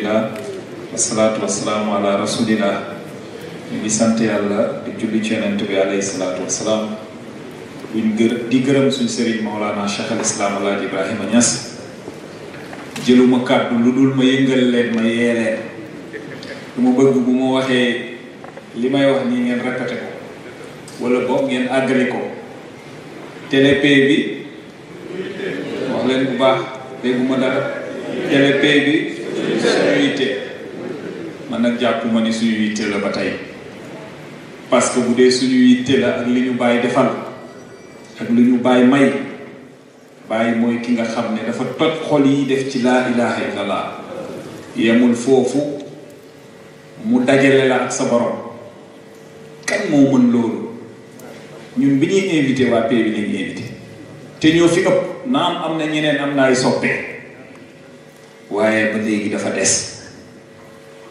alhamdulilah wasalaatu wasalaamu ala rasulillah yàlla di julli ci bi alayhi salaatu wasalaam buñ gër di gërëm suñ sëriñ Mawlana Cheikh al Islam Alaaji Ibrahima Niass jëluma kàddu lu dul ma yëngal leen ma yee lu ma bëgg bu ma waxee li may wax nii ngeen répété ko wala boog ngeen àggale ko TLP bi wax leen bu baax dégguma dara TLP bi suñu yitte man nag jàpp ma ni suñu yitte la ba tey parce que bu dee suñu yitte la ak li ñu bàyyi defal ak li ñu bàyyi may bàyyi mooy ki nga xam ne dafa toj xol yi def ci laa ilaha illallah yemul foofu mu dajale la ak sa borom kañ moo mën loolu ñun bi ñuy invité waa pay bi lañu te ñoo fi ëpp naam am na ñeneen am naay ay soppee waaye ba léegi dafa des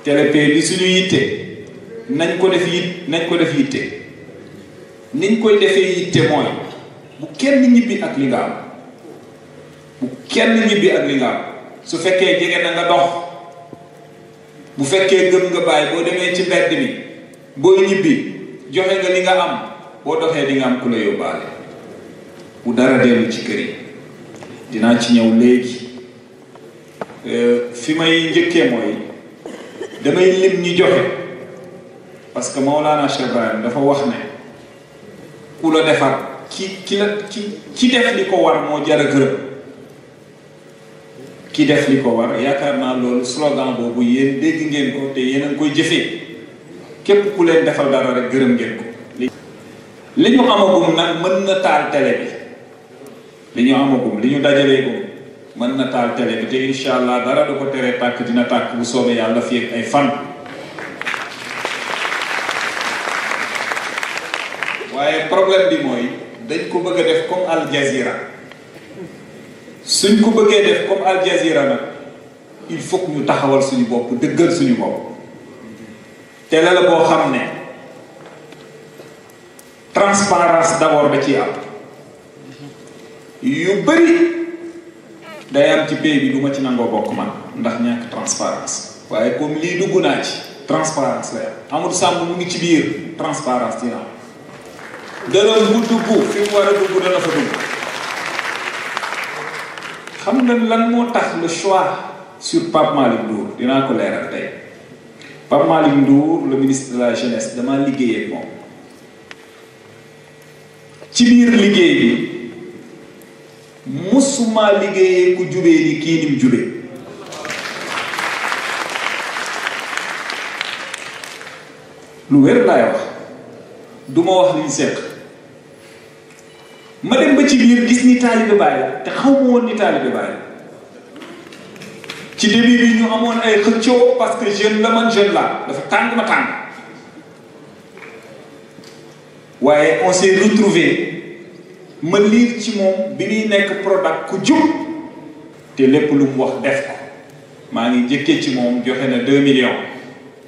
TLP bi suñu yitte nañ ko def yit nañ ko def yitte niñ koy defee yitte mooy bu kenn ñibbi ak li nga am bu kenn ñibbi ak li nga am su fekkee jege na nga dox bu fekkee gëm nga bàyyi boo demee ci mbedd mi boo ñibbi joxe nga li nga am boo doxee di nga am ku la yóbbaale bu dara dellu ci kër yi dinaa ci ñëw léegi Euh, fi may njëkkee mooy damay lim ñi joxe parce que Maolana Cheikh Ibrahim dafa wax ne ku la defar ki ki la ki def li ko war moo jar a gërëm ki def li ko war yaakaar naa loolu slogan boobu yéen dégg ngeen ko te yéen a ngi koy jëfee képp ku leen defal dara rek gërëm ngeen ko. li ñu amagum nag mën na taal télé bi li ñu amagum li ñu dajalee ko. mën na taal télé bi te incha allah dara du ko teree tàkk dina tàkk bu soobee yàlla fii ak ay fan. waaye problème bi mooy dañ ko bëgg a def comme Al suñ ko bëggee def comme Al nag il faut que ñu taxawal suñu bopp dëggal suñu bopp télé la boo xam ne transparence d'abord da ciy am yu bëri. day am ci pays bi duma ci nangoo bokk man ndax ñàkk transparence waaye comme lii dugg naa ci transparence lay am Amadou mu ngi ci biir transparence dina am mu dugg fi mu war a dugg dana fa dugg xam nga lan moo tax le choix sur Pape Malick dinaa ko leeral tey Pape Malick Ndour ministre la jeunesse damaa liggéey ak moom ci biir liggéey bi musuma liggéeyee ku jubee ni kii nim jubee lu wér laay wax du wax liñ seq ma dem ba ci biir gis ni taalibe Baay te xaw ma woon ni taalibe Baay ci début bi ñu amoon ay xëccoo parce que jeune la man la dafa tàng ma tàng waaye on s'est retrouvé ma liir ci moom bi ñuy nekk Prodac ku jub te lépp lu mu wax def ko maa ngi njëkkee ci moom joxe na 2 millions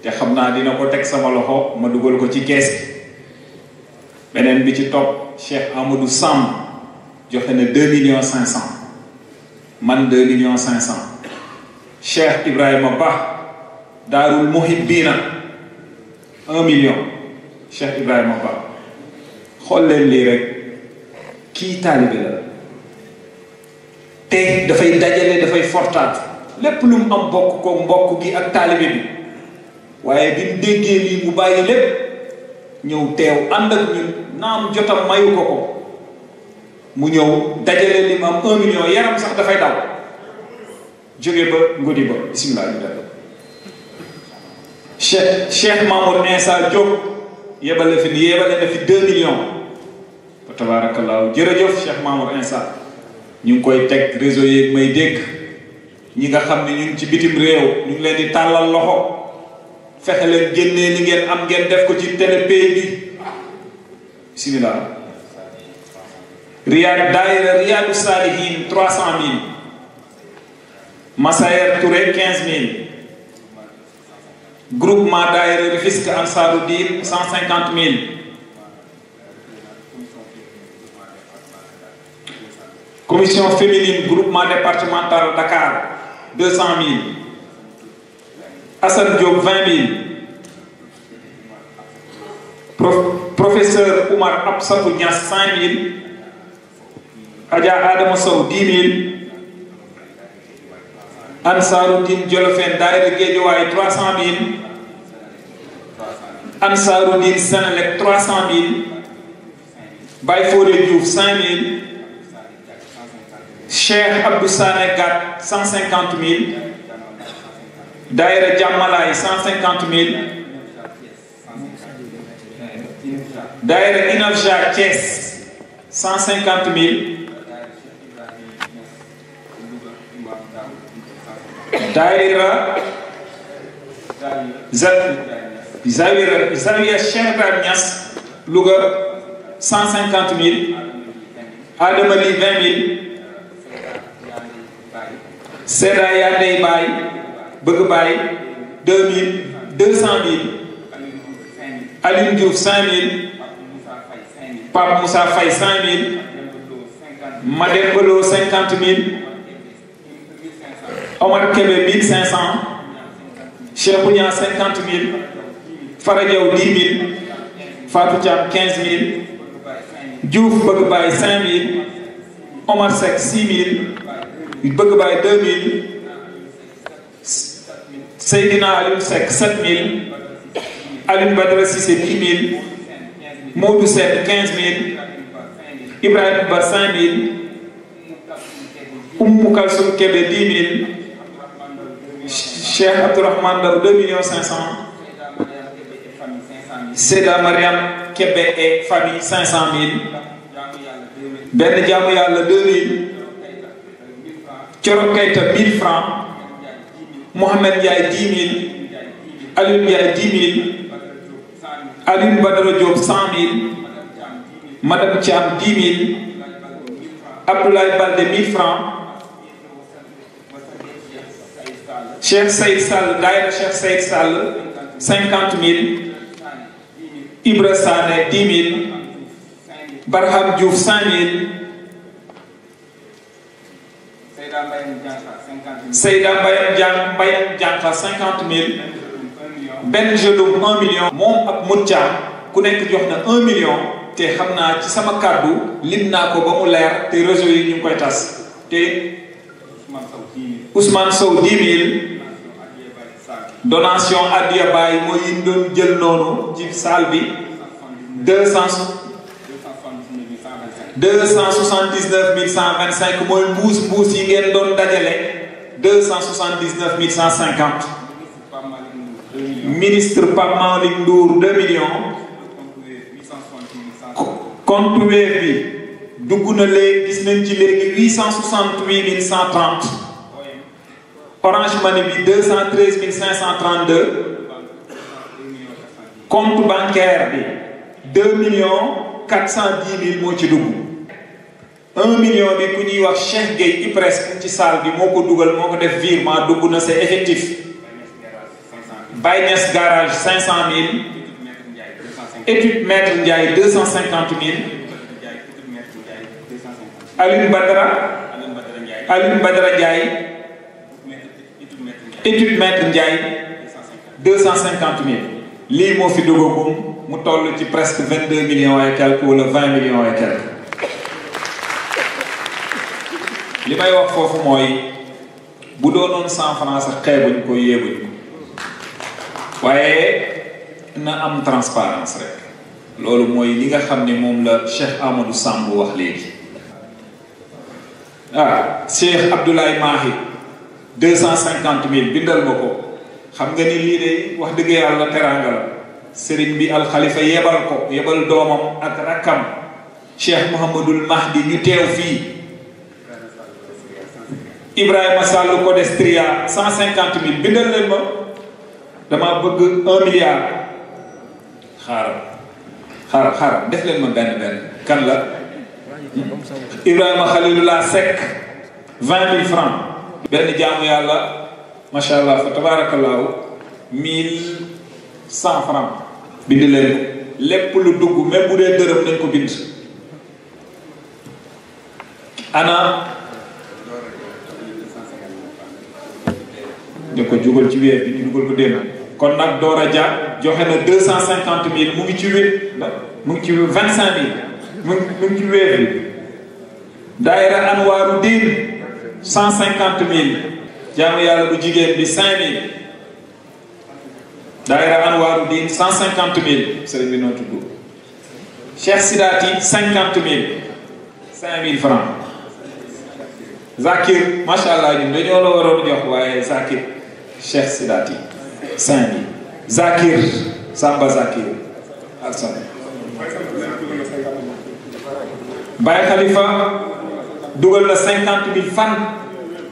te xam naa dina ko teg sama loxo ma dugal ko ci kees beneen bi ci topp Cheikh Amadou Samb joxe na 2 millions 500 man 2 millions 500 Cheikh Ibrahima Ba Daarul Muhibbina 1 million Cheikh Ibrahima Ba xool lii rek. kii taalibe la te dafay dajale dafay fortaat lépp lu am bokk ko mbokk gi ak taalibe bi waaye bi mu déggee lii mu bàyyi lépp ñëw teew ànd ak ñun naam jotam mayu ko ko mu ñëw dajale li mu am yaram sax dafay daw jóge ba ngodi ba bisimilah ñu def cheikh cheikh Mamour Insa Diop yebale fi yebale na fi deux millions fa tabaarakallaahu jërëjëf Cheikh Mamour Insa ñu ngi koy teg réseau yëpp may dégg ñi nga xam ne ñu ci bitim réew ñu leen di tàllal loxo fexe leen génnee li ngeen am ngeen def ko ci télé pay bi bismillah riyaad daayira riyaadu saalihiin trois cent mille Massaer Touré quinze mille groupement daayira Rufisque Ansaru Diin cent cinquante mille commission féminine groupement départemental Dakar deux cent mille Assane Diop vingt mille professeur Oumar Absatou Niass cinq mille Adja Adama Sow dix mille Ansaarudin Jolofen Daayira Géejawaay trois cent mille Ansaarudin Senelec trois cent mille Baye Fodé Diouf cinq Cheikh Abdou Sané Gat cent cinquante mille Daïra Jàmmalaay cent cinquante mille Daïra Inafja Thiès cent cinquante mille Daïra Zawiya Zawiya Cheikh Ibrahim Niass Louga cent cinquante mille Adamali vingt mille sedda yaa day bàyyi bëgg bàyyi deux mille deux cent mille Alioune Diouf cinq mille Pape Moussa Faye cinq mille Mademba Lo cinquante mille Omar Kébé mille cinq cent Cheikh cinquante mille Fara Diaw dix mille Fatou Thiam quinze mille Diouf bëgg bàyyi cinq mille Omar Seck six mille bëgg bàyyi deux mille Seydina Alioune Seck sept mille Alioune Badara Cissé dix mille Modou Seck quinze mille Ibrahima Ba cinq mille Oumou Kalsoum Kébé dix mille Cheikh Abdourahmane Ndao deux millions cinq cent Seyda Mariam Kébé et famille cinq cent mille benn jaamu yàlla deux mille Coro Kayta 1000 francs Mouhamed Ndiaye 10000 Aliou Ndiaye 10000 Aliou Badara Diop 100000 Madame Thiam 10000 Abdoulaye Balde 1000 francs Cheikh Saïd Sall daayira Cheikh Saïd Sall 50000 Ibra Sané 10000 Barham Diouf 100000 Seyda Mbayang Diankha Mbayang Diankha cinquante mil benn jëlum un million moom ak Modou ku nekk jox na un million te xam naa ci sama kàddu lim naa ko ba mu leer te réseau yi ñu koy tas te Ousmane Sow dix mille donation addiya mooy yi doon jël noonu ci salle bi deux cent deux cent soixante dix cent vingt-cinq mooy mbuus mbuus yi ngeen doon dajale deux cent soixante-dix-neuf mille cent cinquante ministre Pape Malick Ndour deux millions compte Wave bi dugg na léegi gis nañ ci léegi huit cent soixante-huit mille cent trente Orange bi deux cent mille cinq cent trente-deux compte bancaire bi deux millions quatre cent dix mille moo ci dugg un million bi ku ñuy wax Cheikh Gueye presque ci salle bi moo ko dugal moo ko def vir virement dugg na c'est effectif Baynes garage cinq cent mille étude maître Ndiaye deux cent cinquante mille Aline Badara Aline Badara Ndiaye étude maître Ndiaye deux cent cinquante mille lii moo fi dugagum mu toll ci presque vingt deux millions et quelques wala vingt millions et li may wax foofu mooy bu doonoon cent francs sax xeebuñ ko yéebuñ ko waaye na am transparence rek loolu mooy li nga xam ne moom la Cheikh Amadou Samb wax léegi ah Cheikh Abdoulaye cent cinquante mille bindal ma ko xam nga ni lii de wax dëgg yàlla teranga la sëriñ bi alxalifa yebal ko yebal doomam ak rakkam cheikh mouhamadul mahdi ñu teew fii ibrahima sàll Codestria cent cinquante mille bindal leen ma dama bëgg un milliard xaaral xaaral xaaral def leen ma benn benn kan la ibrahima xalilullah Seck vingt mille francs benn jaamu yàlla macha allah fa tabaarakallaahu mille cent francs bind leen lépp lu dugg même bu dee dërëm nañ ko bind ana ñu ko jógal ci weer bi ñu dugal ko démb kon nag Dora Dia joxe na deux cent cinquante mille mu ngi ci weer mu ngi ci vingt cinq mille mu ngi bi daayira Diin cent cinquante mille jaamu yàlla bu jigéen bi cinq mille daayira Anwaaru Diin cent cinquante mille sëriñ bi noo tudd Cheikh Sidaati cinquante mille cinq mille francs Zakir macha allah ñun dañoo la waroon jox waaye Zakir Cheikh Sidaati cinq Zakir Samba Zakir alsan Khalifa dugal na cinquante mille fan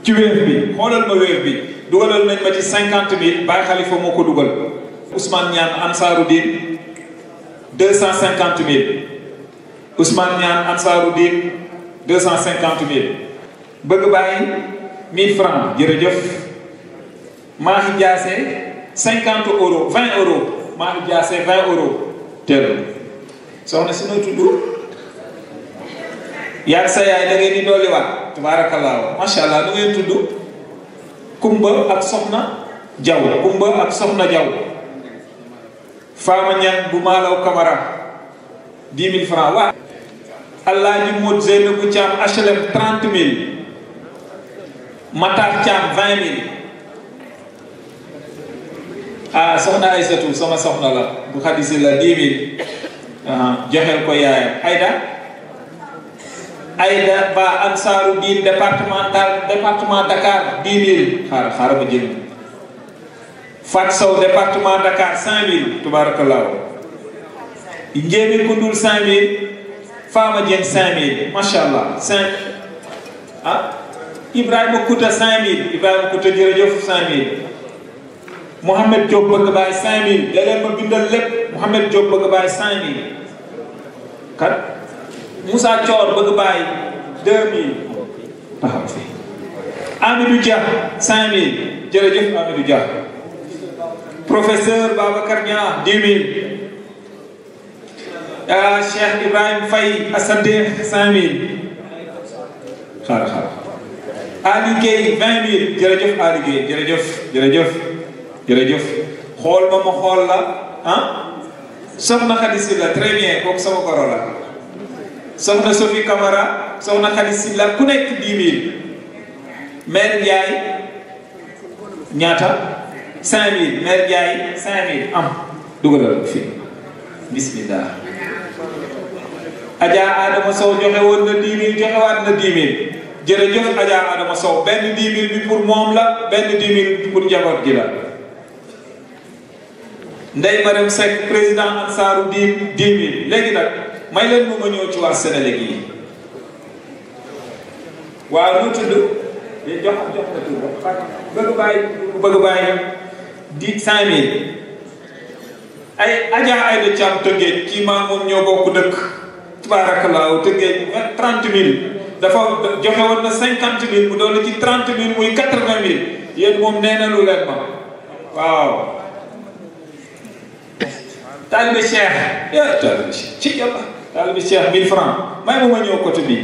ci wéef bi xoolal ma wéef bi dugalal nañ ma ci cinquante mille Baye Khalifa moo ko dugal Ousmane Niane Ansaroudine deux cent cinquante mille Ousmane Niane Ansaroudine cent cinquante mille bëgg bàyyi mille francs jërëjëf Mahi Diassé cinquante euros vingt euros Mahi Diassé vingt euros teel soxna si noo tudd sa yaay da ngeen di dolliwaat tabaarakallaahu macha allah nu ngeen tudd Kumba ak Soxna Jaw Kumba ak Soxna Jaw faama ñan bu maalaw kamara dix mille francs waa Alaaji Mod Zeynabu Thiam HLM trente mille Matar Thiam vingt mille ah soxna Aysatu sama soxna la bu xadisi la dix mille ah, joxeel ko yaayam Ayda Ayda ba Ansaaru diin départemental département Dakar dix mille xaar xaaral ma jël Fat Sow département Dakar 5000 tabaarakallaahu Ndiémi Koundoul 5000 Fama Dieng 5000 macha allah 5 ah Ibrahima Kouta 5000 Ibrahima Kouta jërëjëf 5000 Mouhamed Diop bëgg baay 5000 da leen ma bindal lépp Mouhamed Diop bëgg baay 5000 kat Moussa Thior bëgg baay 2000 taxaw fi Amidou Dia 5000 jërëjëf Amidou Dia. professeur Babacar Niang 10 000 ah Cheikh Ibrahim Faye Assadeh 5 000 xaaral xaaral Aliou Guèye 20 000 jërëjëf Aliou Guèye jërëjëf jërëjëf jërëjëf xool ba ma xool la ah soxna Khady Silla très bien kooku sama goro la soxna Sophie Camara soxna Khady Silla ku nekk 10 000 mère Ndiaye ñaata. cinq mille mère Ndiaye cinq mille am dugalal ko fii bismillah Adama Sow joxe woon na dix mille joxe waat na dix mille jërëjëf Adja Adama Sow benn dix mille bi pour moom la benn dix mille bi pour njaboot gi la Ndeye Mariam Seck président Ansaaru di dix mille léegi nag may leen ma ma ñëw ci waa Sénégal yi waaw lu tudd jox jox na tudd bëgg bàyyi bëgg bàyyi di cinq mille ay aja ay da cam tëggeej kii maa moom ñoo bokk dëkk tabaarakallaahu tëggeej trente mille dafa joxe na cinquante mille mu doon ci trente mille muy quatre vingt mille yéen moom nee na lu leen ma waaw taalibe cheikh ya eh, taalibe cheikh ci may ma ma ñëw côté bi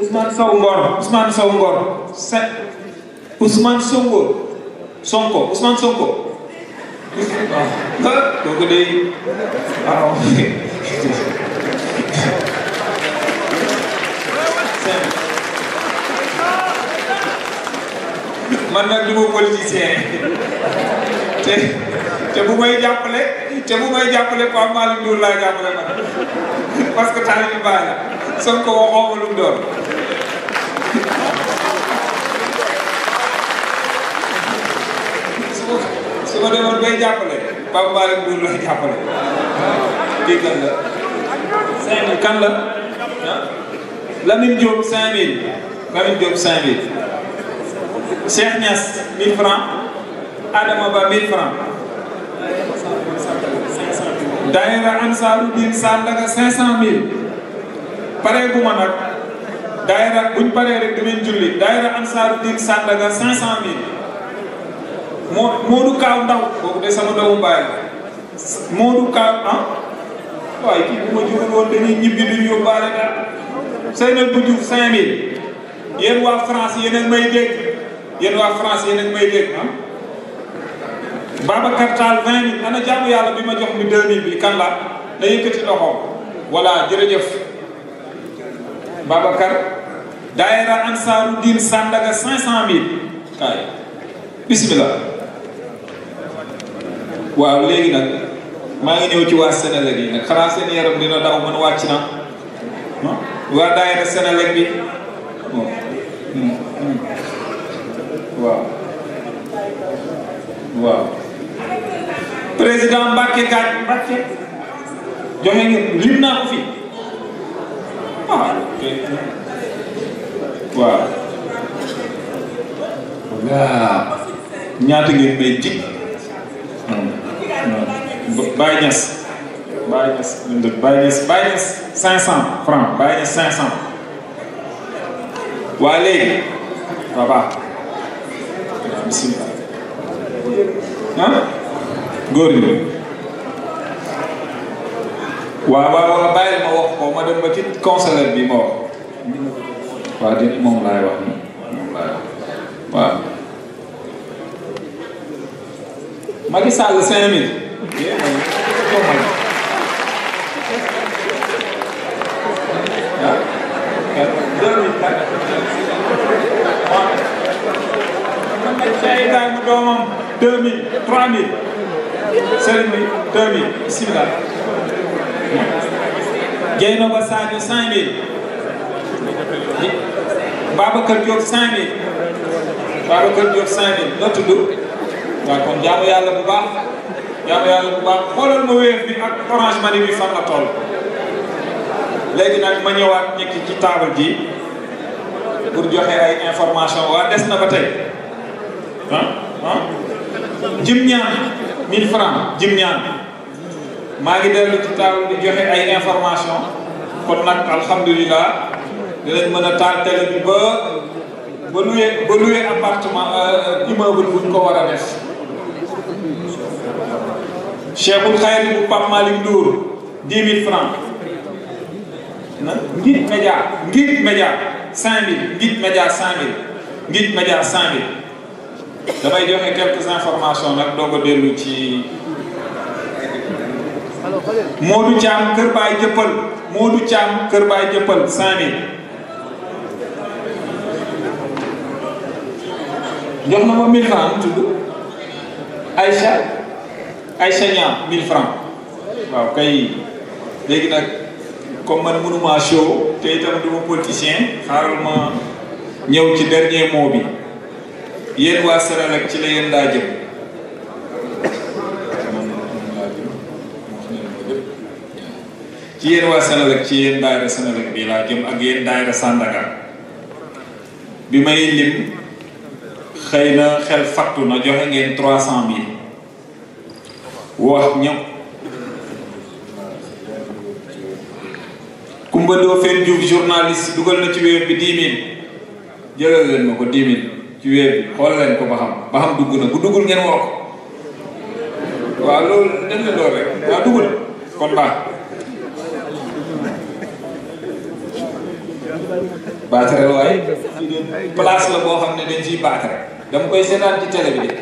Ousmane Sow Ngor Ousmane Sow Ngor set Ousmane Sow Sonko Ousmane Sonko. ah kooku day alors. man nag du ma politicien te te bu may jàppale te bu may jàppale Pape Malick Ndour laa jàppale man parce que taal bi baax na Sonko waxoo ma lu mu su ma demoon bay jàppale Pape Malick Ndour lay jàppale kii kan la cinq mille kan la ah Lamine Diop cinq mille Lamine Diop cinq mille Cheikh Niass mille francs Adama Ba mille francs daayira Ansaarud-Din Sandaga cinq cent mille pare bu ma nag daayira buñ paree rek dinañ julli daayira Ansaarud-Din Sandaga cinq cent mille moo Modou Kaaw Ndaw kooku de sama doomu baay Modou Kaaw ah waaye kii bu ma jurul woon dañuy ñibbi duñ yóbbaale dara Seynal bu Diouf 5000 yéen waa France yéen may dégg yéen waa France yéen may dégg ah. Babacar Tall 20000 ana jaamu yàlla bi ma jox mi 2000 bi kan la na yëkkati loxoom voilà jërëjëf Babacar. Daayira Ansaaru Diin Sandaga 500000 kaay bismillah. waaw léegi nag maa ngi ñëw ci waa Sénélec yi nag xanaa seen yaram dina daw man wàcc na waa daayira Sénélec bi hmm, hmm. waaw waaw président Mbacke Gaaj joxe ngeen lim naa ko fi ah, waaw waaw ñaata ngeen may dig hmm. Baye Niass Baye Niass lëndët Baye Niass Baye Niass 500 francs Baye Niass 500 waa léegi ça va bisimilah ah góor ñi waaw waaw waaw bàyyi ma wax ko ma dem ba bi ma wax di moom laay wax moom laay wax waaw Macky Sall 5000 Є, думаю. Так. Так. Mën na cay daan doomam deux mille trois mille sëriñ bi deux mille bisimilah. Guèye Nova Sadio cinq mille. Babacar Diop cinq mille. Babacar Diop cinq mille noo tudd. waaw kon jaamu yàlla bu baax. yàlla yàlla bu baax xoolal ma wéef bi ak orange money bi fan la toll léegi nag ma ñëwaat nekk ci table ji pour joxe ay information waa des na ba tey ah jim ñaan 1000 francs jim ñaan maa ngi dellu ci table bi joxe ay information kon nag alhamdulilah dinañ mën a taal télé bi ba ba loué ba loué appartement euh, immeuble buñ ko war a def Cheikhul Khayri bu Pape Malick Ndour 10 000 francs na Ngid Média Ngid Média 5000 Ngid Média 5000 Ngid Média 5000 damay joxe quelques informations nag doo ko dellu ci Modou Thiam Kër Baay Jëppal Modou Thiam Kër Baay Jëppal 5000 jox na ma 1000 francs tudd Aïcha ay saignant 1000 francs waaw kay léegi nag comme man mënuma show te itam du ma politicien xaaral ma ñëw ci dernier mot bi yéen waa Senelec ci la yéen laa jëm ci yéen waa Senelec ci yéen daayira Senelec bi laa jëm ak yéen daayira Sandaga bi may lim xëy na xel fattu na joxe ngeen trois cent mille wax ñëw Kumba Ndoffène Diouf journaliste dugal na ci web bi 10 000 jëlal ko 10 ci weer bi xool leen ko ba xam ba xam dugg na bu duggul ngeen woo ko waaw loolu dañ la rek waaw duggul kon baatare waaye place la boo xam ne dañ ci baatare dama koy seetaan ci télé bi de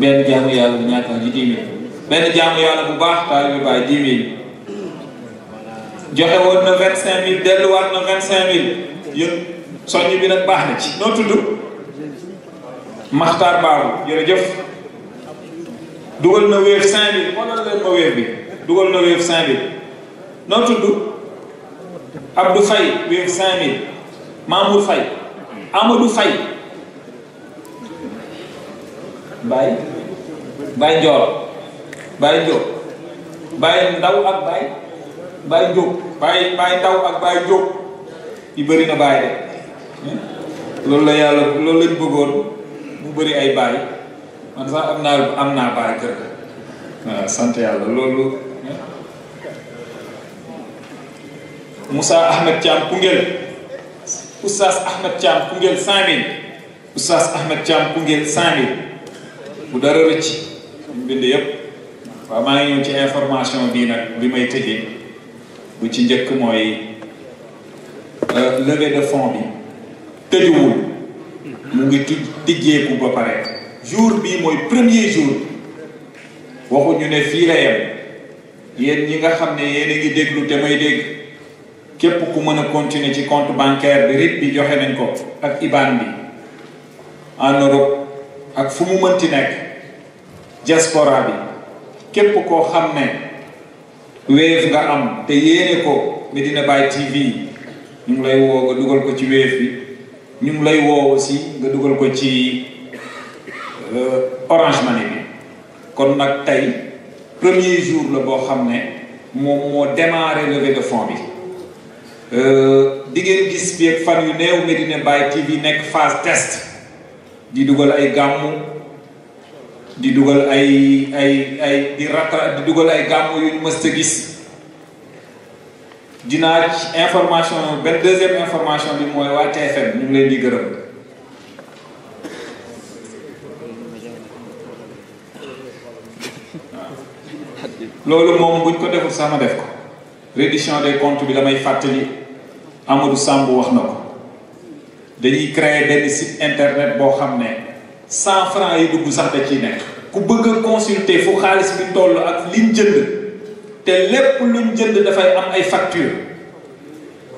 benn jaamu yàlla bu ñaata ji dix mille benn jaamu yàlla bu baax taalibe Baay dix mille joxe woon na vingt cinq mille delluwaat na vingt cinq mille yëpp soññ bi nag baax na ci noo tudd Maxtaar Baabu jërëjëf dugal na wéef cinq mille xoolal bi dugal na wéef cinq mille noo tudd Abdou Faye wéef cinq mille Mamour Faye Amadou Faye Baye Baye Ndiol Baye Ndiol Baye Ndaw ak Baye Baye Ndiol Baye Baye Ndaw ak Baye Ndiol yi bëri na Baye hmm? loolu la yàlla loolu lañ bëggoon mu bëri ay Baye man sax am naa am naa Baye kër ga sant yàlla loolu hmm? Moussa Ahmed Thiam Koungheul Oustaz Ahmed Thiam Koungheul 5000 Oustaz Ahmed Thiam Koungheul 5000 bu dara rëcc. ñu bind yëpp waaw maa ngi ñëw ci information bii nag bi may tëjee bu ci njëkk mooy euh, levée de fonds bi tëjuwul mu ngi tuj tijjeeku ba pare jour bii mooy premier jour waxuñu ne fii la yem yéen yi nga xam ne yéen ngi déglu te may dégg képp ku mën a continuer ci compte bancaire bi RIB bi joxe nañ ko ak IBAN bi en Europe ak fu mu mënti nekk diaspora bi képp koo xam ne Wave nga am te yéene ko Medina Baye TV ñu lay woo nga dugal ko ci Wave bi ñu lay woo aussi nga dugal ko ci euh, Orange Money bi kon nag tey premier jour la boo xam ne moom moo démarré levée de fonds bi euh, di ngeen gis bi ak fan yu néew Medina Baye TV nekk phase test di dugal ay gàmmu di dugal ay ay ay di rakka di dugal ay gàmmu yu ñu mës a gis dinaa information benn deuxième information bi mooy waa TFM ñu ngi leen di gërëm loolu moom buñ ko deful sama def ko reddition des comptes bi damay fàttali Amadou Samb wax na ko dañuy créer benn site internet boo xam ne cent francs yi dugg sax da ciy nekk ku bëgg a consulter fu xaalis bi toll ak liñ jënd te lépp luñ jënd dafay am ay facture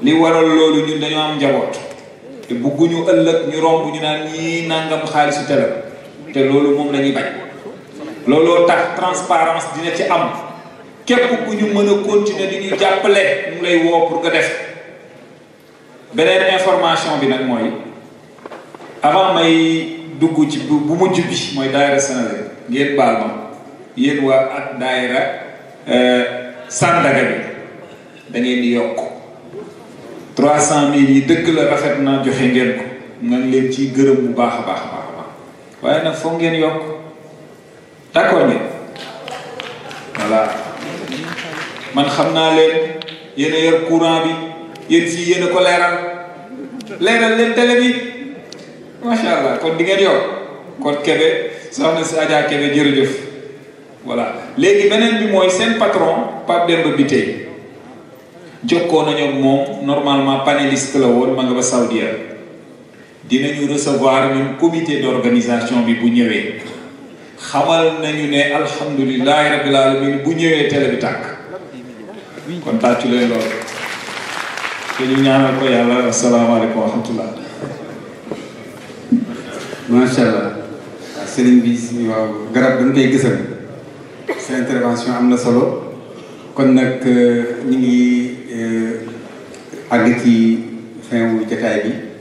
li waral loolu ñun dañoo am njaboot te bëgguñu ëllëg ñu romb ñu naan ñii nangam xaalisu télé te loolu moom la ñuy bañ looloo tax transparence dina ci am képp ku ñu mën a continuer di ñu jàppale mu lay woo pour nga def beneen information bi nag mooy avant may dugg ci bu bu mujj bi mooy daayira Sénégal ngeen baal ma yéen waa euh, Sandaga bi da di yokk trois cent mille yi la rafet na joxe ngeen ko leen ci gërëm bu baax a baax a baax a baax waaye nag foog ngeen yokk d'accord ngeen voilà man xam naa leen yéen a courant bi yéen fii yéen ko leeral leeral leen télé bi macha allah kon di ngeen yokk kon Kébé soxna si Adja Kébé jërëjëf voilà léegi beneen bi mooy seen patron Pape Demba Bitèye jokkoo nañu moom normalement panéliste la woon ma nga ba Saudia dinañu recevoir ñun comité d'organisation bi bu ñëwee xamal nañu ne alhamdulilahi rabbil alamin bu ñëwee télé bi tàkk kon tàccu leen loolu te ñu ñaanal ko yàlla asalaamaaleykum wa rahmatullah macha allah sëriñ bi waaw garab dañ koy gisal sa intervention am na solo kon nag euh, ñu ngi euh, àgg ci fin wu jotaay bi.